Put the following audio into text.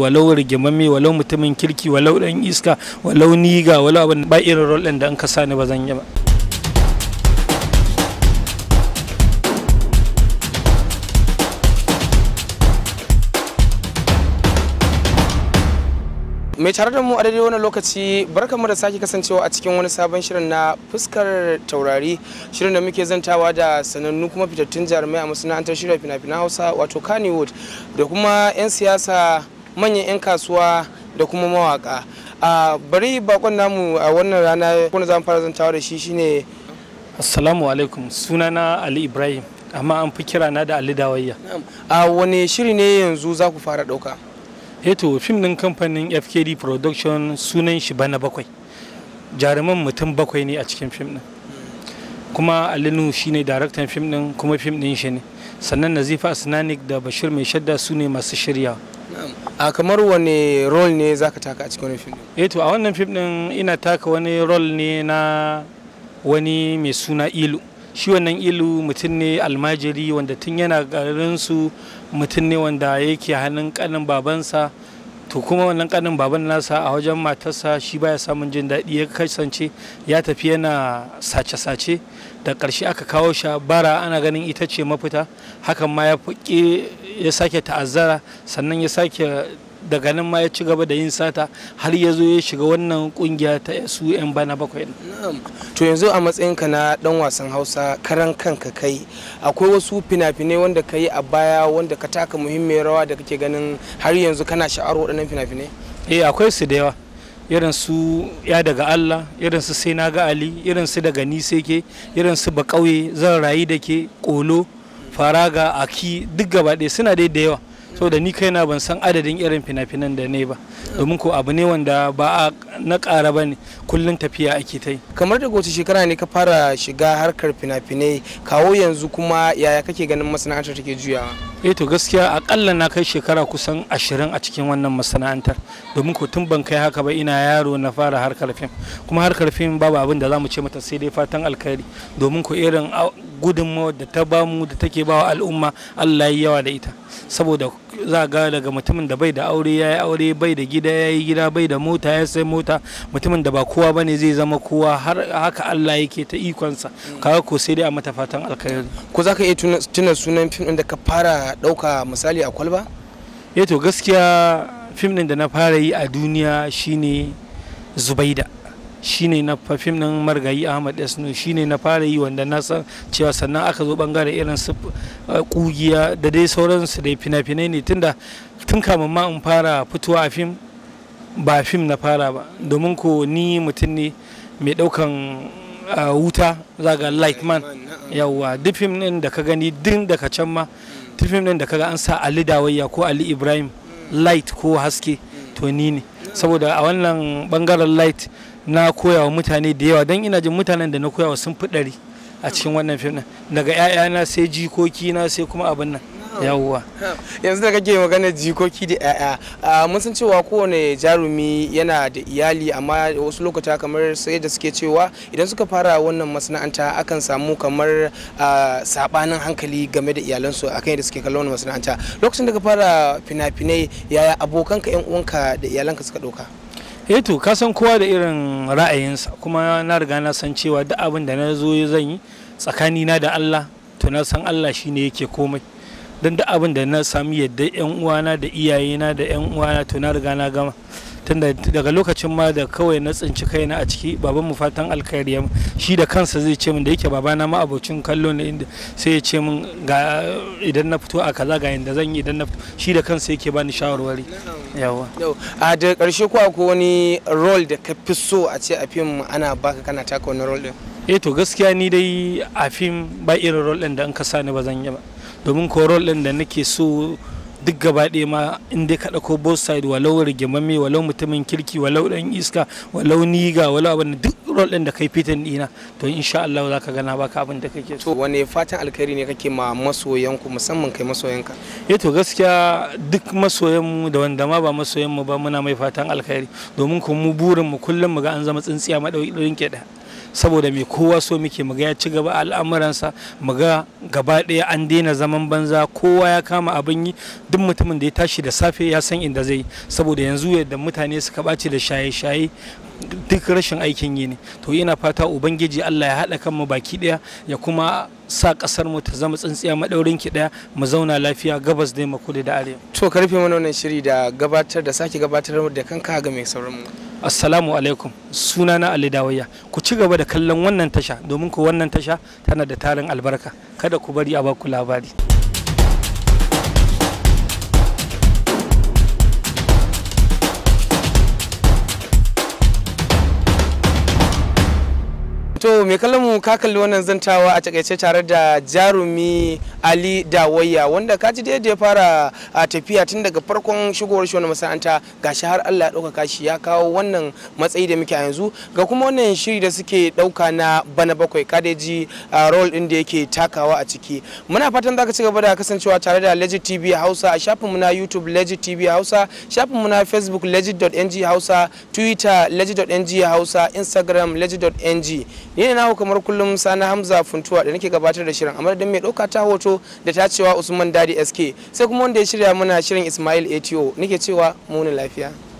walau rigimami walau mutumin kirki walau dan iska walau niga walau abin ba irin din da an ka sani ba zan yi ba mai tare da mu a daidai wani lokaci barkamu da sake kasancewa a cikin wani sabon shirin na fuskar taurari shirin da muke zantawa da sanannu kuma fitattun jarumai a masana'antar shirya fina-finan hausa wato kannywood da kuma 'yan siyasa manyan 'yan kasuwa da kuma mawaka a bari bakon namu a wannan rana kuna zamu fara zantawa da shi shine assalamu alaikum sunana ali ibrahim amma an fi kira na da ali dawayya a wani shiri ne yanzu za ku fara dauka eto eh fim din kamfanin fkd production sunan shi bana bakwai jaruman mutum bakwai ne a cikin fim din kuma alinu shine daraktan fim din kuma fim din shi ne sannan nazifa asnanik da bashir mai shadda su ne masu shirya. a kamar wani rol ne za ka taka a cikin wani fim eh to a wannan fim ɗin ina taka wani rol ne na wani mai suna ilu shi wannan ilu mutum ne almajiri wanda tun yana garinsu mutum ne wanda yake hannun kanin babansa to kuma wannan kanin baban nasa a wajen matarsa shi baya samun jin daɗi ya kasance ya tafi yana sace-sace da ƙarshe aka kawo shi bara ana ganin ita ce mafita hakan ma ya sake ta'azzara sannan ya sake daga nan ma ya ci gaba da yin sata har ya zo ya shiga wannan kungiya ta su yan bana bakwai to yanzu a matsayinka na dan wasan hausa karan kanka kai akwai wasu fina-finai wanda ka yi a baya wanda ka taka muhimmiyar rawa da kake ganin har yanzu kana sha'awar waɗannan fina-finai eh akwai su da yawa irin su ya daga Allah irin su sai na ga Ali irin su daga ni ke irin su ba kauye zan rayu da ke kolo faraga aki duk gaba ɗaya suna dai da yawa so da ni na ban san adadin irin fina-finan da ne ba domin ko abu ne wanda ba a na ƙara ba ne kullum tafiya ake ta yi kamar da wata shekara ne ka fara shiga harkar fina-finai kawo yanzu kuma yaya kake ganin masana'antar take juyawa eh to gaskiya akalla na kai shekara kusan ashirin a cikin wannan masana'antar domin ko tun ban kai haka ba ina yaro na fara harkar fim kuma harkar fim babu abin da za mu ce mata sai dai fatan alkhairi domin ko irin gudunmawar da ta bamu da take bawa al'umma allah ya yawa da ita saboda za ga daga mutumin da bai da aure ya yi aure bai da gida ya yi gida bai da mota ya sai mota mutumin da ba kowa ba ne zai zama kowa har haka Allah yake ta ikonsa kawo ko sai dai a mata fatan alkhairi ko za ka iya tuna sunan fim ɗin da ka fara ɗauka misali a kwalba eto eh gaskiya fim ɗin da na fara yi a duniya shine Zubaida shine na fafim din margayi ahmad esnu shine na fara yi wanda na san cewa sannan aka zo bangare irin su kugiya eh, da dai sauransu da fina-finai ne tunda tun kamun ma in fara fitowa a fim ba fim na fara ba domin ko ni mutum ne mai daukan eh, wuta zaga like man yawa duk fim din da ka gani din ka can ma duk fim din da ka ga an sa ali dawayya ko ali ibrahim light ko haske to ni ne saboda a wannan bangaren light na koyawa mutane da yawa don ina jin mutanen da na koyawa sun fi ɗari a cikin wannan fim ɗin daga 'ya'yana sai jikoki na sai kuma abin nan yawuwa. yanzu da kake magana jikoki da 'ya'ya mun san cewa kowane jarumi yana da iyali amma wasu lokuta kamar sai da suke cewa idan suka fara wannan masana'anta akan samu kamar sabanin hankali game da iyalansu akan yadda suke kallon wannan masana'anta lokacin da ka fara fina-finai yaya abokanka 'yan uwanka da iyalanka suka ɗauka eh to ka san kowa da irin ra'ayinsa kuma na riga na san cewa duk abin da na zo zan yi tsakani na da Allah to na san Allah shine yake komai don duk abin da na sami yadda yan uwana da iyayena da yan uwana to na riga na gama tunda daga lokacin ma da kawai na tsinci kaina a ciki baban mu fatan alkhairi shi da kansa zai ce min da yake babana ma abocin kallo ne inda sai ya ce min ga idan na fito a kaza ga yanda zan yi idan na fito shi da kansa yake bani shawarwari yawa a da karshe ko akwai wani role da ka fi so a ce a fim ana baka kana taka wani role din eh to gaskiya ni dai a fim ba irin role din da an ka sani ba zan yi ba domin ko role din da nake so duk gaba ɗaya ma in dai ka ɗauko both side walau rigimame walau mutumin kirki walau ɗan iska walau niga walau abin duk rol ɗin da kai fitan ɗina to sha Allah za ka gana ka abin da kake to wane fatan alkhairi ne kake ma masoyanku musamman kai masoyanka eh to gaskiya duk masoyan mu da wanda ma ba masoyan mu ba muna mai fatan alkhairi domin kuma mu burin mu kullum mu ga an zama tsintsiya madaurin ke ɗaya saboda mai kowa so muke muga ya ci gaba al'amuransa muga gaba ɗaya an daina zaman banza kowa ya kama abin yi duk mutumin da ya tashi da safe ya san inda zai saboda yanzu yadda mutane suka ɓace da shaye-shaye duk rashin aikin yi ne to yana fata ubangiji Allah ya haɗa kanmu baki ɗaya ya kuma sa ƙasar mu ta zama tsintsiya maɗaurin ki ɗaya mu zauna lafiya gabas dai makudi da arewa to karfe mana wannan shiri da gabatar da sake gabatar da kanka ga mai sauran mu assalamu alaikum sunana ali dawaya ku ci gaba da kallon wannan tasha domin ku wannan tasha tana da tarin albarka kada ku bari a ku labari to mai kallon mu ka kalli wannan zantawa a takaice tare da jarumi ali dawayya wanda ka ji da ya fara tafiya tun daga farkon shigowar shi wani masana'anta gashi har allah ya ɗaukaka shi ya kawo wannan matsayi da muke a yanzu ga kuma wannan shiri da suke ɗauka na bana bakwai ji rol ɗin da yake takawa a ciki muna fatan za ka ci gaba da kasancewa tare da legit tv hausa a mu na youtube legit tv hausa mu na facebook legit.ng hausa twitter legit.ng hausa instagram legit.ng ni ne na kamar kullum sana hamza funtuwa da nake gabatar da shirin amma da mai ɗauka ta hoto Sokoto da cewa Usman Dadi SK sai kuma wanda ya shirya mana shirin Ismail ATO nake cewa mu ne lafiya